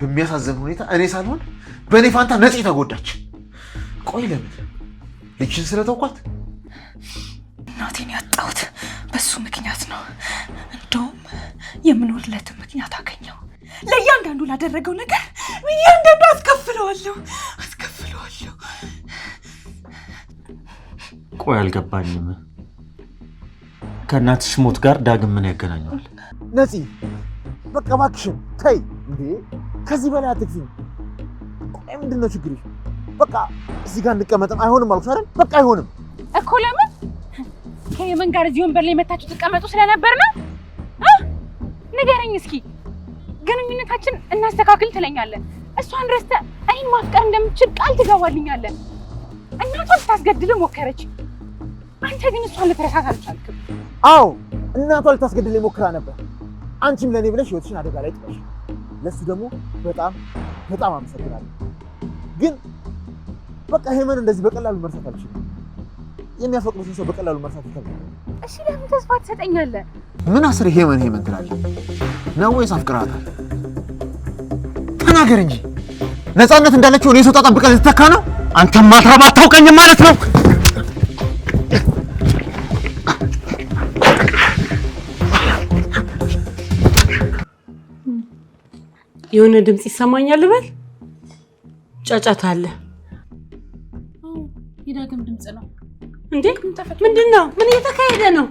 በሚያሳዝን ሁኔታ እኔ ሳልሆን በእኔ ፋንታ ነፂ ተጎዳች። ቆይ ለምን ልጅን ስለተውኳት እናቴን ያጣሁት በሱ ምክንያት ነው። እንደውም የምኖርለትን ምክንያት አገኘው። ለእያንዳንዱ ላደረገው ነገር እያንዳንዱ አስከፍለዋለሁ አስከፍለዋለሁ። ቆይ አልገባኝም። ከእናትሽ ሞት ጋር ዳግም ምን ያገናኘዋል ነፂ? በቃ እባክሽን ተይ እንዴ! ከዚህ በላይ አትግፊኝ። ቆይ ምንድን ነው ችግርሽ? በቃ እዚህ ጋር እንቀመጥም። አይሆንም አልኩሽ አይደል? በቃ አይሆንም እኮ። ለምን ከየመን ጋር እዚህ ወንበር ላይ መታችሁ ትቀመጡ ስለነበር ነው? ንገረኝ እስኪ። ግንኙነታችን እናስተካክል ትለኛለን። እሷን ረስተህ እኔን ማፍቀር እንደምችል ቃል ትገባልኛለን። እናቷ ልታስገድል ሞከረች። አንተ ግን እሷን ልትረሳት አልቻልክም። አዎ እናቷ ልታስገድል ሞክራ ነበር አንቺም ለእኔ ብለሽ ህይወትሽን አደጋ ላይ ጥለሽ፣ ለእሱ ደግሞ በጣም በጣም አመሰግናለሁ። ግን በቃ ሄመን እንደዚህ በቀላሉ መርሳት አልችልም። የሚያፈቅሩትን ሰው በቀላሉ መርሳት ይከብዳል። እሺ ለምን ተስፋ ትሰጠኛለህ? ምን አስር ሄመን ሄመን ትላለህ? ነው ወይስ አፍቅርሃታል? ተናገር እንጂ ነፃነት እንዳለችው እኔ ሰው ጣጣ ልትተካ ነው? አንተም ማትረባ አታውቀኝም ማለት ነው። የሆነ ድምፅ ይሰማኛል በል ጫጫታ አለ። የዳግም ድምፅ ነው እንዴ? ምንድን ነው? ምን እየተካሄደ ነው?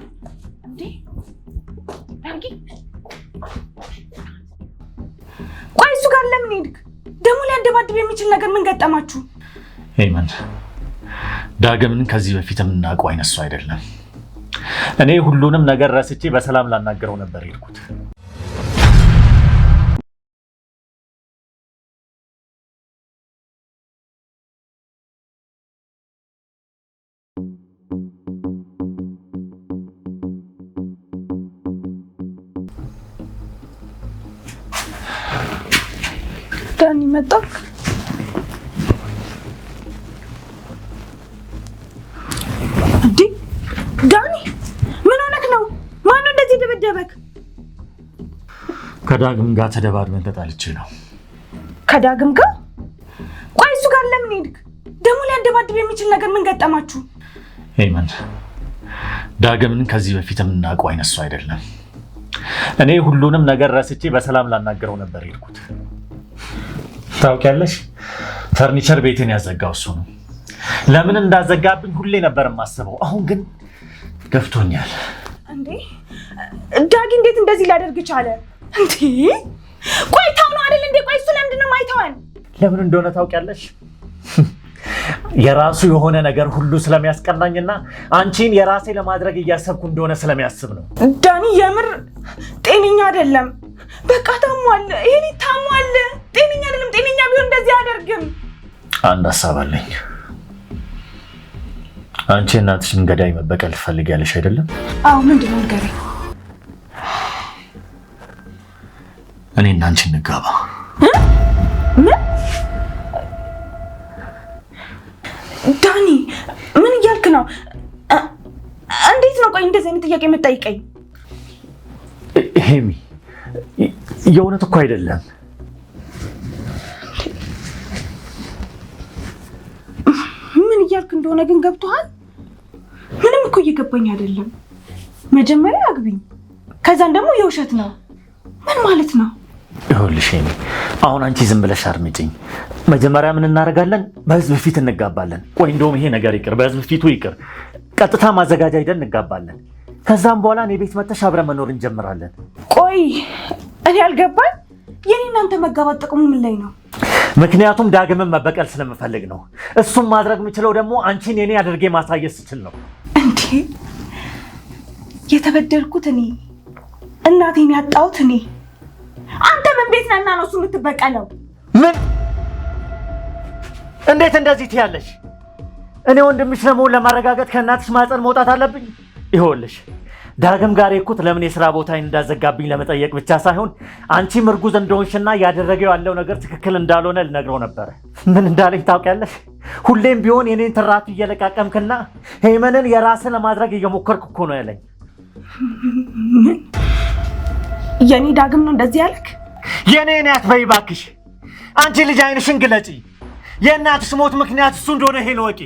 ቆይ እሱ ጋር ለምን ሄድክ? ደግሞ ሊያደባድብ የሚችል ነገር ምን ገጠማችሁ? ሄይመን ዳግምን ከዚህ በፊት የምናውቀው አይነሱ አይደለም። እኔ ሁሉንም ነገር ረስቼ በሰላም ላናገረው ነበር የሄድኩት። ዳኒ መጣ። እንዴ ዳኒ ምን ሆነክ ነው? ማነው እንደዚህ ደበደበክ? ከዳግም ጋር ተደባድበን ተጣልቼ ነው። ከዳግም ጋር? ቆይ እሱ ጋር ለምን ሄድክ ደግሞ? ሊያደባድብ የሚችል ነገር ምን ገጠማችሁ? ሄይመን ዳግምን ከዚህ በፊት የምናውቀው አይነሱ አይደለም። እኔ ሁሉንም ነገር ረስቼ በሰላም ላናገረው ነበር ሄድኩት። ታውቂያለሽ፣ ፈርኒቸር ቤትን ያዘጋው እሱ ነው። ለምን እንዳዘጋብኝ ሁሌ ነበር የማስበው። አሁን ግን ገብቶኛል። እንዴ ዳጊ፣ እንዴት እንደዚህ ሊያደርግ ቻለ? እንዴ ቆይታው ነው አይደል? እንዴ ቆይ እሱ ለምንድን ነው ለምን እንደሆነ ታውቂያለሽ የራሱ የሆነ ነገር ሁሉ ስለሚያስቀናኝና አንቺን የራሴ ለማድረግ እያሰብኩ እንደሆነ ስለሚያስብ ነው። ዳኒ የምር ጤነኛ አይደለም። በቃ ታሟል። ይሄኔ ታሟል። ጤነኛ አይደለም። ጤነኛ ቢሆን እንደዚህ አያደርግም። አንድ ሀሳብ አለኝ። አንቺ እናትሽን ገዳይ መበቀል ትፈልጊያለሽ አይደለም? አዎ። ምንድን ነው እኔ እና አንቺ እንጋባ። ይህን ጥያቄ የምትጠይቀኝ? ሄሚ የእውነት እኮ አይደለም። ምን እያልክ እንደሆነ ግን ገብቶሃል? ምንም እኮ እየገባኝ አይደለም። መጀመሪያ አግብኝ ከዛን ደግሞ የውሸት ነው። ምን ማለት ነው? ይኸውልሽ ሄሚ፣ አሁን አንቺ ዝም ብለሽ አርምጭኝ። መጀመሪያ ምን እናደርጋለን? በህዝብ ፊት እንጋባለን። ወይ እንደውም ይሄ ነገር ይቅር፣ በህዝብ ፊቱ ይቅር። ቀጥታ ማዘጋጃ ሂደን እንጋባለን። ከዛም በኋላ እኔ ቤት መተሽ አብረን መኖር እንጀምራለን። ቆይ እኔ አልገባኝ፣ የኔ እናንተ መጋባት ጥቅሙ ምን ላይ ነው? ምክንያቱም ዳግምን መበቀል ስለምፈልግ ነው። እሱም ማድረግ የምችለው ደግሞ አንቺን የኔ አድርጌ ማሳየት ስችል ነው። እንዴ የተበደልኩት እኔ፣ እናቴን ያጣሁት እኔ። አንተ ምን ቤት ነህና ነው እሱ የምትበቀለው? ምን እንዴት እንደዚህ ትያለሽ? እኔ ወንድምሽ ለመሆን ለማረጋገጥ ከእናትሽ ማጸን መውጣት አለብኝ? ይኸውልሽ ዳግም ጋር የኩት ለምን የስራ ቦታ እንዳዘጋብኝ ለመጠየቅ ብቻ ሳይሆን አንቺም እርጉዝ እንደሆንሽና ያደረገው ያለው ነገር ትክክል እንዳልሆነ ልነግረው ነበር። ምን እንዳለኝ ታውቂያለሽ? ሁሌም ቢሆን የኔን ትራቱ እየለቃቀምክና ሄመንን የራስን ለማድረግ እየሞከርክ እኮ ነው ያለኝ። የኔ ዳግም ነው እንደዚህ ያልክ? የኔ ኔ አትበይ እባክሽ። አንቺ ልጅ አይንሽን ግለጪ። የእናትሽ ሞት ምክንያት እሱ እንደሆነ ሄን ወቂ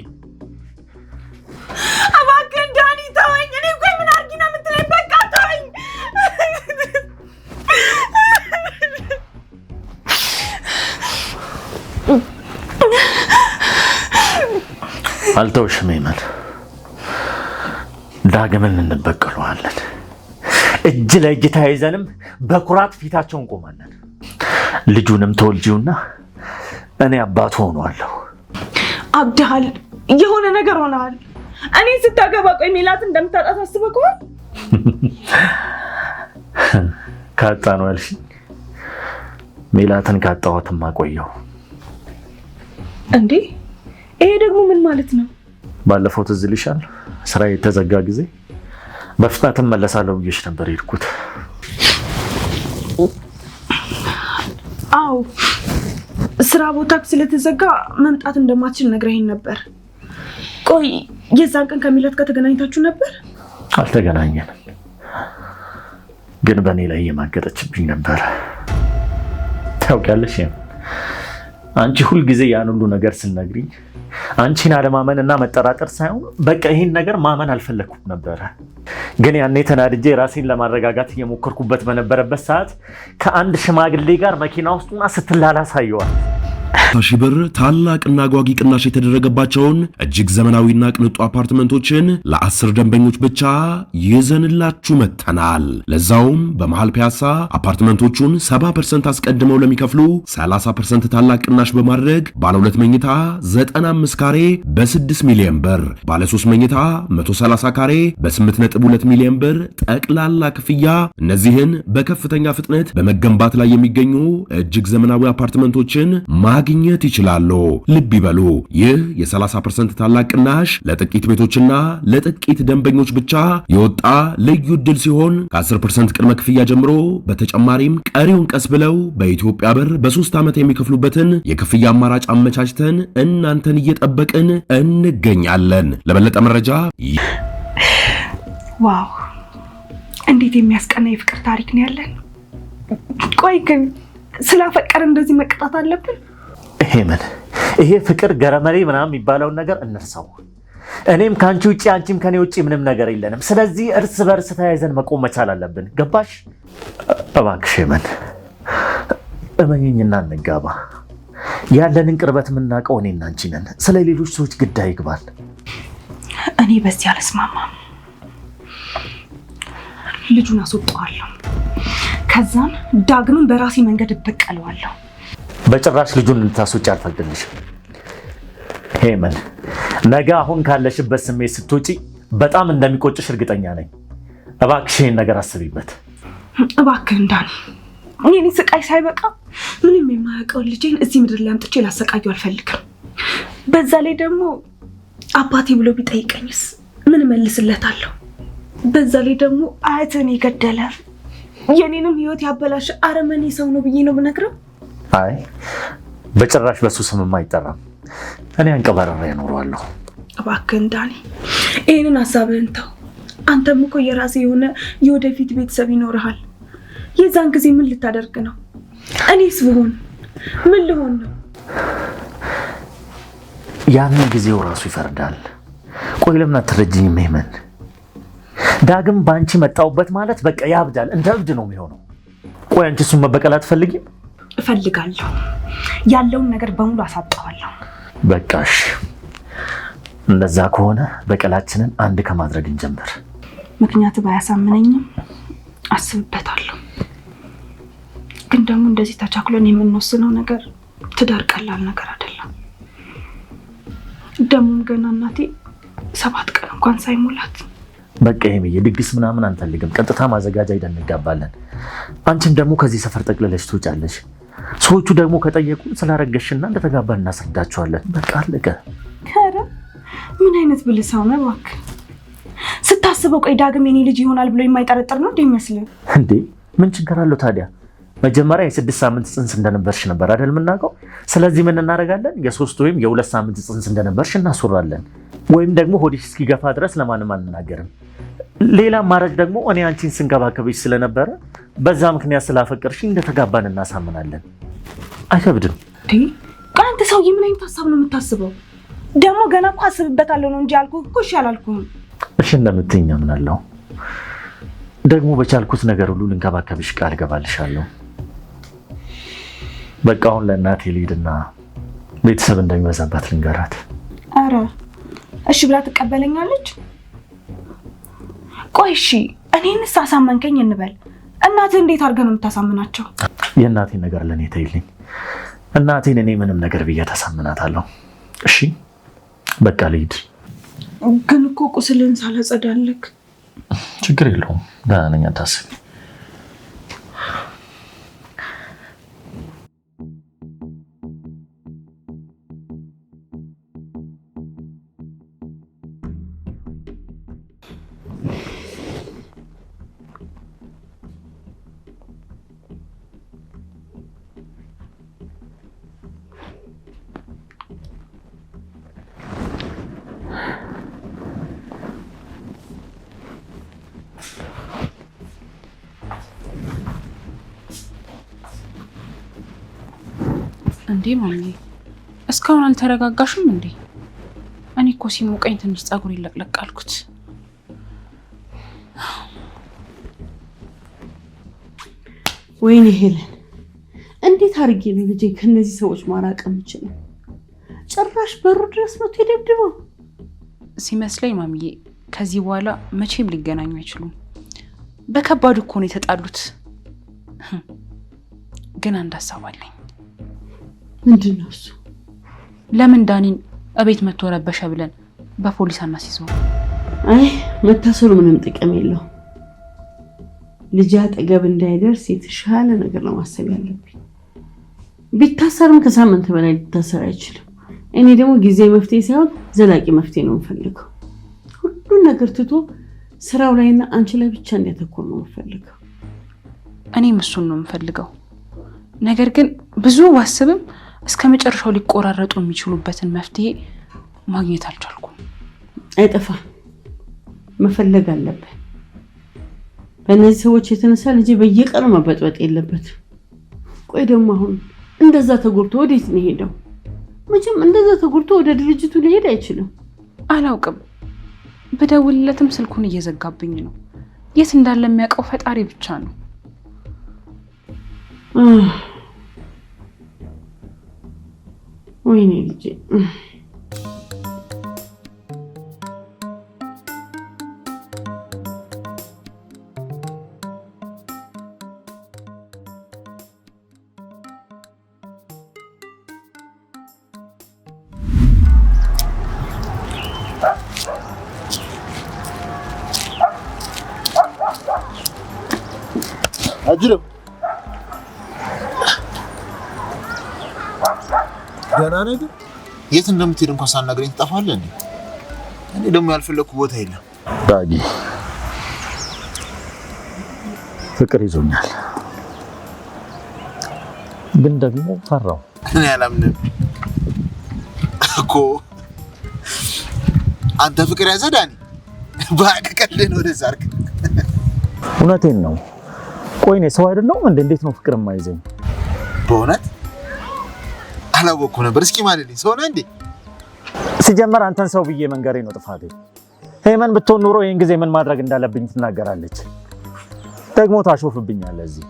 አልተውሽም ይመል ዳግምን እንበቀለዋለን። እጅ ለእጅ ተያይዘንም በኩራት ፊታቸው እንቆማለን። ልጁንም ተወልጂውና እኔ አባቱ ሆኗለሁ። አብድሃል፣ የሆነ ነገር ሆነሃል። እኔ ስታገባ ቆይ ሜላት እንደምታጣ ታስበህ ከሆነ ካጣ ነው ያልሽኝ። ሜላትን ካጣዋትማ ቆየው እንዴ ይሄ ደግሞ ምን ማለት ነው? ባለፈው ትዝ ይልሻል ስራ የተዘጋ ጊዜ በፍጥነት እመለሳለሁ ብዬሽ ነበር የሄድኩት። አዎ ስራ ቦታ ስለተዘጋ መምጣት እንደማትችል ነግረኸኝ ነበር። ቆይ የዛን ቀን ከሚላት ጋር ተገናኝታችሁ ነበር? አልተገናኘንም፣ ግን በእኔ ላይ እየማገጠችብኝ ነበር። ታውቂያለሽ፣ አንቺ ሁልጊዜ ያን ሁሉ ነገር ስነግሪኝ አንቺን አለማመን እና መጠራጠር ሳይሆን በቃ ይህን ነገር ማመን አልፈለግኩም ነበረ። ግን ያኔ ተናድጄ ራሴን ለማረጋጋት እየሞከርኩበት በነበረበት ሰዓት ከአንድ ሽማግሌ ጋር መኪና ውስጡና ስትላላ ሳየዋል። ሺህ ብር ታላቅና አጓጊ ቅናሽ የተደረገባቸውን እጅግ ዘመናዊና ቅንጡ አፓርትመንቶችን ለአስር ደንበኞች ብቻ ይዘንላችሁ መጥተናል። ለዛውም በመሃል ፒያሳ አፓርትመንቶቹን 70% አስቀድመው ለሚከፍሉ 30% ታላቅ ቅናሽ በማድረግ ባለ ሁለት መኝታ 95 ካሬ በ6 ሚሊዮን ብር፣ ባለ 3 መኝታ 130 ካሬ በ8.2 ሚሊዮን ብር ጠቅላላ ክፍያ። እነዚህን በከፍተኛ ፍጥነት በመገንባት ላይ የሚገኙ እጅግ ዘመናዊ አፓርትመንቶችን ማ ማግኘት ይችላሉ። ልብ ይበሉ፣ ይህ የ30% ታላቅ ቅናሽ ለጥቂት ቤቶችና ለጥቂት ደንበኞች ብቻ የወጣ ልዩ እድል ሲሆን ከ10% ቅድመ ክፍያ ጀምሮ በተጨማሪም ቀሪውን ቀስ ብለው በኢትዮጵያ ብር በሶስት ዓመት የሚከፍሉበትን የክፍያ አማራጭ አመቻችተን እናንተን እየጠበቅን እንገኛለን። ለበለጠ መረጃ ዋው! እንዴት የሚያስቀና የፍቅር ታሪክ ነው ያለን። ቆይ ግን ስላፈቀር እንደዚህ መቀጣት አለብን? ሄመን ይሄ ፍቅር ገረመሪ ምናምን የሚባለውን ነገር እንርሰው። እኔም ከአንቺ ውጭ አንቺም ከኔ ውጭ ምንም ነገር የለንም። ስለዚህ እርስ በእርስ ተያይዘን መቆም መቻል አለብን። ገባሽ? እባክሽ ሄመን እመኝኝና እንጋባ። ያለንን ቅርበት የምናውቀው እኔና አንቺ ነን። ስለ ሌሎች ሰዎች ግዳ ይግባል እኔ በዚህ አልስማማም። ልጁን አስወጣዋለሁ። ከዛም ዳግምን በራሴ መንገድ እበቀለዋለሁ። በጭራሽ ልጁን ልታስወጪ አልፈቅድልሽም ሄመን። ነገ አሁን ካለሽበት ስሜት ስትወጪ በጣም እንደሚቆጭሽ እርግጠኛ ነኝ። እባክሽ ይህን ነገር አስቢበት። እባክህ እንዳን የኔ ስቃይ ሳይበቃ ምንም የማያውቀውን ልጄን እዚህ ምድር ላይ አምጥቼ ላሰቃዩ አልፈልግም። በዛ ላይ ደግሞ አባቴ ብሎ ቢጠይቀኝስ ምን እመልስለታለሁ? በዛ ላይ ደግሞ አያትን የገደለ የኔንም ህይወት ያበላሸ አረመኔ ሰው ነው ብዬ ነው ብነግረው አይ በጭራሽ በሱ ስምም አይጠራም። እኔ አንቀባረራ ያኖረዋለሁ። እባክህን ዳኒ ይህንን ሀሳብህን ተው። አንተም እኮ የራሴ የሆነ የወደፊት ቤተሰብ ይኖርሃል። የዛን ጊዜ ምን ልታደርግ ነው? እኔስ ብሆን ምን ልሆን ነው? ያንን ጊዜው ራሱ ይፈርዳል። ቆይ ለምን አትረጅኝ? ሜመን ዳግም በአንቺ መጣውበት ማለት በቃ ያብዳል። እንደ እብድ ነው የሚሆነው። ቆይ አንቺ እሱን መበቀል አትፈልጊም? እፈልጋለሁ። ያለውን ነገር በሙሉ አሳጠዋለሁ በቃሽ። እንደዛ ከሆነ በቀላችንን አንድ ከማድረግ እንጀምር። ምክንያቱ ባያሳምነኝም አስብበታለሁ። ግን ደግሞ እንደዚህ ተቻክሎን የምንወስነው ነገር ትዳር ቀላል ነገር አይደለም። ደግሞም ገና እናቴ ሰባት ቀን እንኳን ሳይሞላት በቃ ይሄምዬ፣ ድግስ ምናምን አንፈልግም። ቀጥታ ማዘጋጃ ሄደን እንጋባለን። አንቺም ደግሞ ከዚህ ሰፈር ጠቅልለሽ ትውጫለሽ። ሰዎቹ ደግሞ ከጠየቁ ስላረገሽና እንደተጋባ እናስረዳቸዋለን። በቃ አለቀ። ኧረ ምን አይነት ብልህ ሰው ነው እባክህ። ስታስበው ቆይ ዳግም የኔ ልጅ ይሆናል ብሎ የማይጠረጥር ነው እንዴ ይመስልህ። እንዴ ምን ችግር አለው ታዲያ? መጀመሪያ የስድስት ሳምንት ጽንስ እንደነበርሽ ነበር አይደል የምናውቀው። ስለዚህ ምን እናደርጋለን? የሶስት ወይም የሁለት ሳምንት ጽንስ እንደነበርሽ እናስራለን ወይም ደግሞ ሆዲሽ እስኪገፋ ድረስ ለማንም አንናገርም። ሌላ ማድረግ ደግሞ እኔ አንቺን ስንከባከብሽ ስለነበረ በዛ ምክንያት ስላፈቀርሽ እንደተጋባን እናሳምናለን። አይከብድም። አንተ ሰውዬ ምን አይነት ሀሳብ ነው የምታስበው? ደግሞ ገና እኮ አስብበታለሁ ነው እንጂ ያልኩህ እኮ እሺ አላልኩህም። እሺ እንደምትይኝ አምናለሁ። ደግሞ በቻልኩት ነገር ሁሉ ልንከባከብሽ ቃል እገባልሻለሁ። በቃ አሁን ለእናቴ ልሂድና ቤተሰብ እንደሚበዛባት ልንገራት። ኧረ እሺ ብላ ትቀበለኛለች? ቆይ እሺ፣ እኔንስ አሳመንከኝ እንበል። እናትህ እንዴት አድርገህ ነው የምታሳምናቸው? የእናቴን ነገር ለእኔ ተይልኝ። እናቴን እኔ ምንም ነገር ብዬ ታሳምናታለሁ። እሺ በቃ ልሂድ። ግን እኮ ቁስልን ሳላጸዳልክ ችግር የለውም። ደህና ነኝ፣ አታስቢ እንዴ ማሚ፣ እስካሁን አልተረጋጋሽም እንዴ? እኔ እኮ ሲሞቀኝ ትንሽ ጸጉሬን ለቅለቅ አልኩት። ወይኔ ሄለን፣ እንዴት አድርጌ ነው ልጄ ከእነዚህ ሰዎች ማራቅ የምችለው? ጭራሽ በሩ ድረስ ነው የደብድበው። ሲመስለኝ ማሚዬ፣ ከዚህ በኋላ መቼም ሊገናኙ አይችሉም። በከባድ እኮ ነው የተጣሉት። ግን አንድ ሀሳብ አለኝ። ምንድን ነው እሱ? ለምን ዳኒን እቤት መቶ ረበሸ ብለን በፖሊስ አናስይዘው? አይ መታሰሩ ምንም ጥቅም የለው። ልጅ አጠገብ እንዳይደርስ የተሻለ ነገር ነው ማሰብ ያለብኝ። ቢታሰርም ከሳምንት በላይ ሊታሰር አይችልም። እኔ ደግሞ ጊዜ መፍትሄ ሳይሆን ዘላቂ መፍትሄ ነው የምፈልገው። ሁሉን ነገር ትቶ ስራው ላይና አንቺ ላይ ብቻ እንዲያተኩር ነው የምፈልገው። እኔም እሱን ነው የምፈልገው። ነገር ግን ብዙ ዋስብም እስከ መጨረሻው ሊቆራረጡ የሚችሉበትን መፍትሄ ማግኘት አልቻልኩም። አይጠፋ መፈለግ አለብን። በእነዚህ ሰዎች የተነሳ ልጄ በየቀኑ መበጥበጥ የለበትም። ቆይ ደግሞ አሁን እንደዛ ተጎድቶ ወዴት ነው ሄደው? መቼም እንደዛ ተጎድቶ ወደ ድርጅቱ ሊሄድ አይችልም። አላውቅም። በደውልለትም ስልኩን እየዘጋብኝ ነው። የት እንዳለ የሚያውቀው ፈጣሪ ብቻ ነው። Oui, need to. የት እንደምትሄድ እንኳን ሳናግረኝ ትጠፋለህ እኔ ደግሞ ያልፈለግኩ ቦታ የለም ዳጊ። ፍቅር ይዞኛል፣ ግን ደግሞ ፈራው። እኔ አላምንም እኮ አንተ ፍቅር ያዘህ ዳኒ። በአቅቀልን ወደዛ አድርግ። እውነቴን ነው። ቆይ እኔ ሰው አይደለሁም እንዴ? እንዴት ነው ፍቅር የማይዘኝ በእውነት አላወቅኩ ነበር። እስኪ ማለልኝ ሰው ነህ እንዴ? ሲጀመር አንተን ሰው ብዬ መንገሬ ነው ጥፋቴ። ሄመን ብትሆን ኑሮ ይህን ጊዜ ምን ማድረግ እንዳለብኝ ትናገራለች። ደግሞ ታሾፍብኛለህ። እዚህ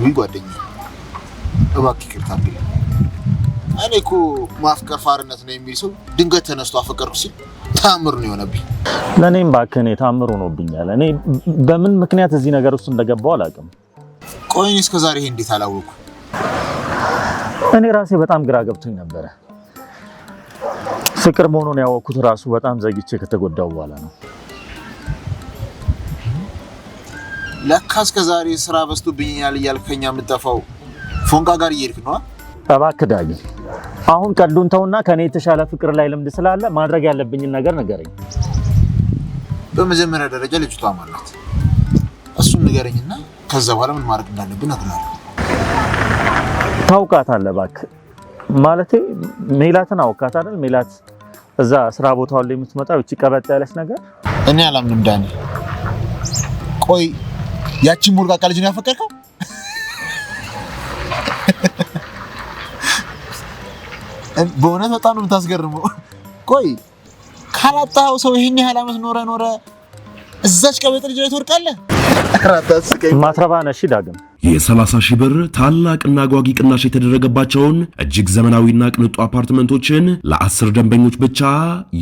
ምን ጓደኛዬ እባክህ ይቅርታ ቢለኝ እኔ እኮ ማፍቀር ፋርነት ነው የሚል ሰው ድንገት ተነስቶ አፈቀርኩ ሲል ታምር ነው የሆነብኝ። ለእኔም እባክህ እኔ ታምር ሆኖብኛል። እኔ በምን ምክንያት እዚህ ነገር ውስጥ እንደገባው አላውቅም። ቆይ እኔ እስከ ይሄ እንዴት አላወቅኩ እኔ ራሴ በጣም ግራ ገብቶኝ ነበረ። ፍቅር መሆኑን ያወቅኩት ራሱ በጣም ዘግቼ ከተጎዳው በኋላ ነው። ለካ እስከ ዛሬ ስራ በዝቶብኛል እያልከኛ የምጠፋው ፎንቃ ጋር እየሄድክ ነው። እባክህ አሁን ቀዱን ተውና ከኔ የተሻለ ፍቅር ላይ ልምድ ስላለ ማድረግ ያለብኝን ነገር ንገረኝ። በመጀመሪያ ደረጃ ልጅቷ ማናት? እሱን ንገረኝና ከዛ በኋላ ምን ማድረግ እንዳለብን እነግርሃለሁ። ታውቃታለህ እባክህ ማለቴ ሜላትን አይደል? ሜላት እዛ ስራ ቦታው ላይ የምትመጣው እቺ ቀበጥ ያለች ነገር እኔ አላምንም። ዳኒ ቆይ ያቺን ሞልቃቃ ልጅ ነው ያፈቀርከው? በእውነት በጣም ነው የምታስገርመው። ቆይ ካላጣኸው ሰው ይሄን ያህል ኖረ ኖረ እዛች ቀበጥ ልጅ ላይ ትወድቃለህ? ማትረባ ነሽ ዳግም የ30 ሺህ ብር ታላቅና አጓጊ ቅናሽ የተደረገባቸውን እጅግ ዘመናዊና ቅንጡ አፓርትመንቶችን ለአስር ደንበኞች ብቻ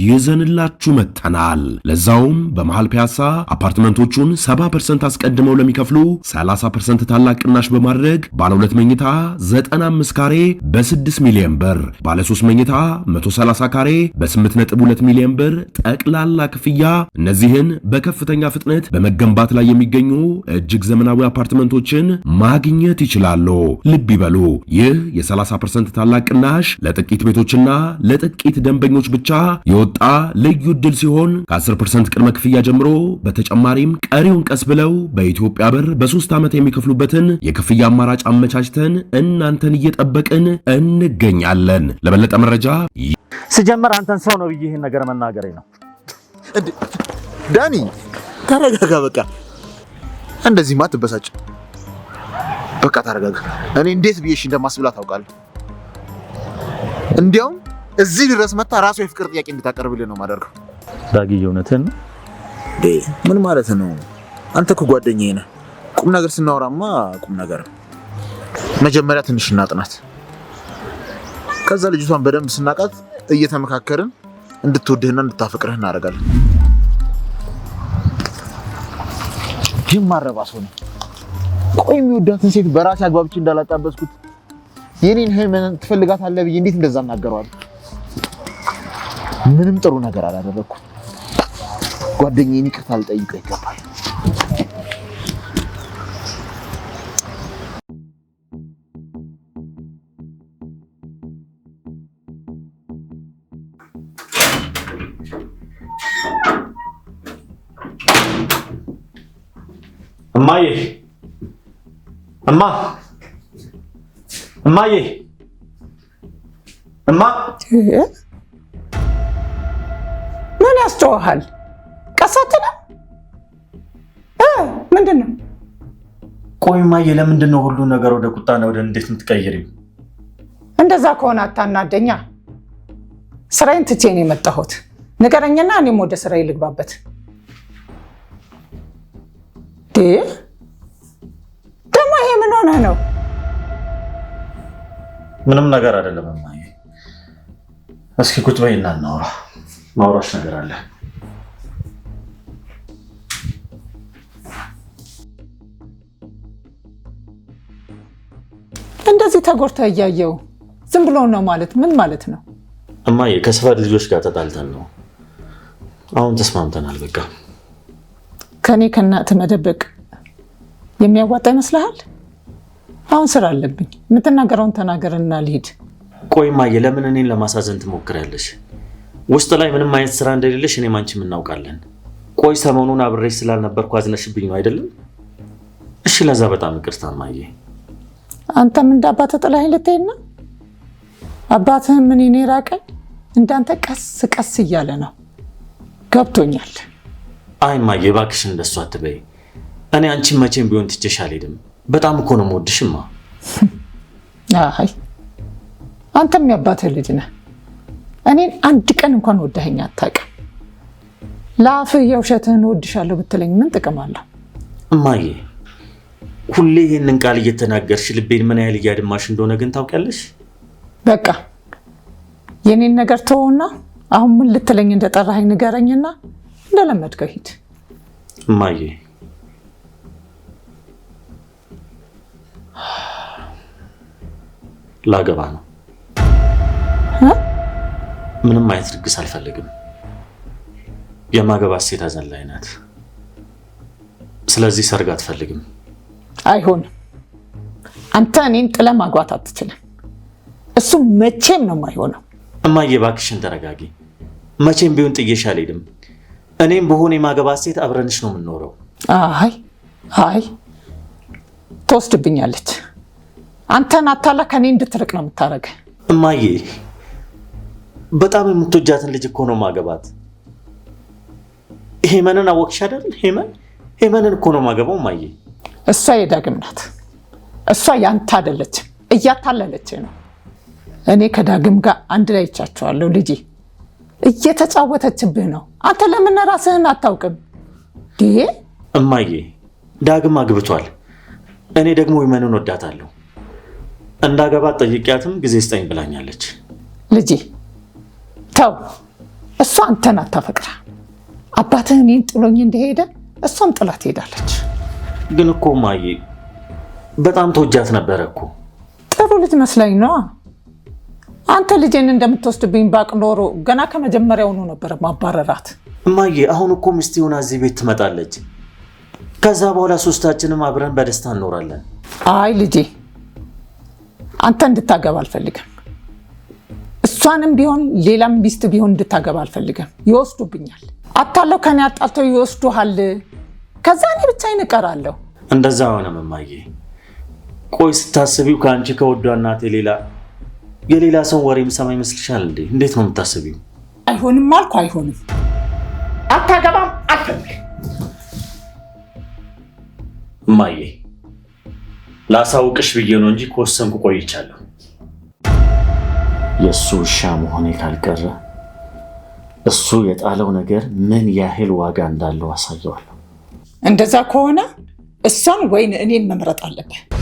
ይዘንላችሁ መጥተናል። ለዛውም በመሃል ፒያሳ አፓርትመንቶቹን 70% አስቀድመው ለሚከፍሉ 30% ታላቅ ቅናሽ በማድረግ ባለ ሁለት መኝታ 95 ካሬ በ6 ሚሊዮን ብር፣ ባለ 3 መኝታ 130 ካሬ በ8.2 ሚሊዮን ብር ጠቅላላ ክፍያ። እነዚህን በከፍተኛ ፍጥነት በመገንባት ላይ የሚገኙ እጅግ ዘመናዊ አፓርትመንቶችን ማግኘት ይችላሉ። ልብ ይበሉ፣ ይህ የ30% ታላቅ ቅናሽ ለጥቂት ቤቶችና ለጥቂት ደንበኞች ብቻ የወጣ ልዩ እድል ሲሆን ከ10% ቅድመ ክፍያ ጀምሮ በተጨማሪም ቀሪውን ቀስ ብለው በኢትዮጵያ ብር በሶስት ዓመት የሚከፍሉበትን የክፍያ አማራጭ አመቻችተን እናንተን እየጠበቅን እንገኛለን። ለበለጠ መረጃ ስጀምር አንተን ሰው ነው ብዬ ይህን ነገር መናገሬ ነው። ዳኒ ተረጋጋ፣ በቃ እንደዚህማ አትበሳጭ። በቃ ታረጋግ። እኔ እንዴት ብዬሽ እንደማስብላ ታውቃለህ። እንዲያውም እዚህ ድረስ መታ ራሱ የፍቅር ጥያቄ እንድታቀርብልኝ ነው የማደርገው። ዳጊ እውነትን ነው። ምን ማለት ነው? አንተ እኮ ጓደኛዬ ነህ። ቁም ነገር ስናወራማ ቁም ነገር። መጀመሪያ ትንሽ እናጥናት፣ ከዛ ልጅቷን በደንብ ስናቃት እየተመካከርን እንድትወድህና እንድታፈቅርህ እናደርጋለን። ግን ማረባ ሰው ነው ቆይ የሚወዳትን ሴት በራሴ አግባብቼ እንዳላጣበስኩት የኔን ህመን ትፈልጋታለህ ብዬ እንዴት እንደዛ እናገረዋለሁ? ምንም ጥሩ ነገር አላደረኩም። ጓደኛዬን ይቅርታ ልጠይቀው ይገባል። እማዬ እማ እማዬ እማ ምን ያስጨዋሃል? ቀሳት ነው ምንድን ነው? ቆይ እማዬ ለምንድን ነው ሁሉ ነገር ወደ ቁጣና ወደ እንዴት የምትቀይሪው? እንደዛ ከሆነ አታናደኛ። ስራዬን ትቼ ነው የመጣሁት። ንገረኝና እኔም ወደ ስራዬ ልግባበት። ነው? ምንም ነገር አይደለም እማዬ። እስኪ ቁጭ በይና እናውራ። ማውራሽ ነገር አለ። እንደዚህ ተጎድታ እያየው ዝም ብሎ ነው ማለት ምን ማለት ነው? እማዬ ከሰፋድ ልጆች ጋር ተጣልተን ነው። አሁን ተስማምተናል። በቃ ከእኔ ከእናትህ መደበቅ የሚያዋጣ ይመስልሃል? አሁን ስራ አለብኝ። የምትናገረውን ተናገርና ልሂድ። ቆይ እማዬ፣ ለምን እኔን ለማሳዘን ትሞክሪያለሽ? ውስጥ ላይ ምንም አይነት ስራ እንደሌለሽ እኔም አንቺም እናውቃለን። ቆይ ሰሞኑን አብሬሽ ስላልነበርኩ አዝነሽብኝ ነው አይደለም? እሺ፣ ለዛ በጣም ይቅርታ እማዬ። አንተም እንደ አባትህ ጥላኸኝ ልትሄድ ነው? አባትህም እኔን የራቀኝ እንዳንተ ቀስ ቀስ እያለ ነው። ገብቶኛል። አይ ማየ እባክሽን እንደሱ አትበይ። እኔ አንቺን መቼም ቢሆን ትቼሽ አልሄድም። በጣም እኮ ነው የምወድሽማ። አይ አንተም ያባትህ ልጅ ነህ። እኔን አንድ ቀን እንኳን ወዳኸኝ አታውቅም። ለአፍህ የውሸትህን እወድሻለሁ ብትለኝ ምን ጥቅም አለው? እማዬ ሁሌ ይህንን ቃል እየተናገርሽ ልቤን ምን ያህል እያድማሽ እንደሆነ ግን ታውቂያለሽ። በቃ የኔን ነገር ተወውና አሁን ምን ልትለኝ እንደጠራኸኝ ንገረኝና እንደለመድከው ሂድ እማዬ። ላገባ ነው። ምንም አይነት ድግስ አልፈልግም። የማገባ ሴት አዘንላይ ናት። ስለዚህ ሰርግ አትፈልግም። አይሆን አንተ እኔን ጥለ ማግባት አትችልም። እሱ መቼም ነው የማይሆነው። እማዬ እባክሽን ተረጋጊ። መቼም ቢሆን ጥዬሽ አልሄድም። እኔም በሆነ የማገባ ሴት አብረንሽ ነው የምንኖረው። አይ አይ ትወስድብኛለች አንተን አታላ ከኔ እንድትርቅ ነው የምታደርገ። እማዬ በጣም የምትወጃትን ልጅ እኮ ነው ማገባት። ሄመንን አወቅሽ አይደል? ሄመን ሄመንን እኮ ነው ማገባው እማዬ። እሷ የዳግም ናት። እሷ ያንተ አይደለችም። እያታለለች ነው። እኔ ከዳግም ጋር አንድ ላይ ይቻቸዋለሁ። ልጄ እየተጫወተችብህ ነው። አንተ ለምን ራስህን አታውቅም? እማዬ ዳግም አግብቷል። እኔ ደግሞ ሄመንን ወዳታለሁ። እንዳገባት ጠይቂያትም ጊዜ ስጠኝ ብላኛለች። ልጄ ተው፣ እሷ አንተን አታፈቅራ። አባትህ እኔን ጥሎኝ እንደሄደ እሷም ጥላት ትሄዳለች። ግን እኮ ማዬ በጣም ተወጃት ነበረ እኮ። ጥሩ ልጅ መስለኝ ነዋ። አንተ ልጄን እንደምትወስድብኝ ባቅ ኖሮ ገና ከመጀመሪያውኑ ነበረ ማባረራት። እማዬ አሁን እኮ ሚስት ሆና እዚህ ቤት ትመጣለች። ከዛ በኋላ ሶስታችንም አብረን በደስታ እንኖራለን። አይ ልጄ አንተ እንድታገባ አልፈልግም። እሷንም ቢሆን ሌላም ሚስት ቢሆን እንድታገባ አልፈልግም። ይወስዱብኛል። አታለው ከኔ አጣልተው ይወስዱሃል። ከዛ እኔ ብቻዬን እቀራለሁ። እንደዛ ሆነ እማዬ። ቆይ ስታስቢው ከአንቺ ከወዷ እናቴ ሌላ የሌላ ሰው ወሬ የምሰማ ይመስልሻል እንዴ? እንዴት ነው የምታስቢው? አይሆንም አልኩ አይሆንም። አታገባም አልፈልግም እማዬ ላሳውቅሽ ብዬ ነው እንጂ ከወሰንኩ ቆይቻለሁ። የእሱ ውሻ መሆኔ ካልቀረ እሱ የጣለው ነገር ምን ያህል ዋጋ እንዳለው አሳየዋለሁ። እንደዛ ከሆነ እሷን ወይን እኔን መምረጥ አለብህ።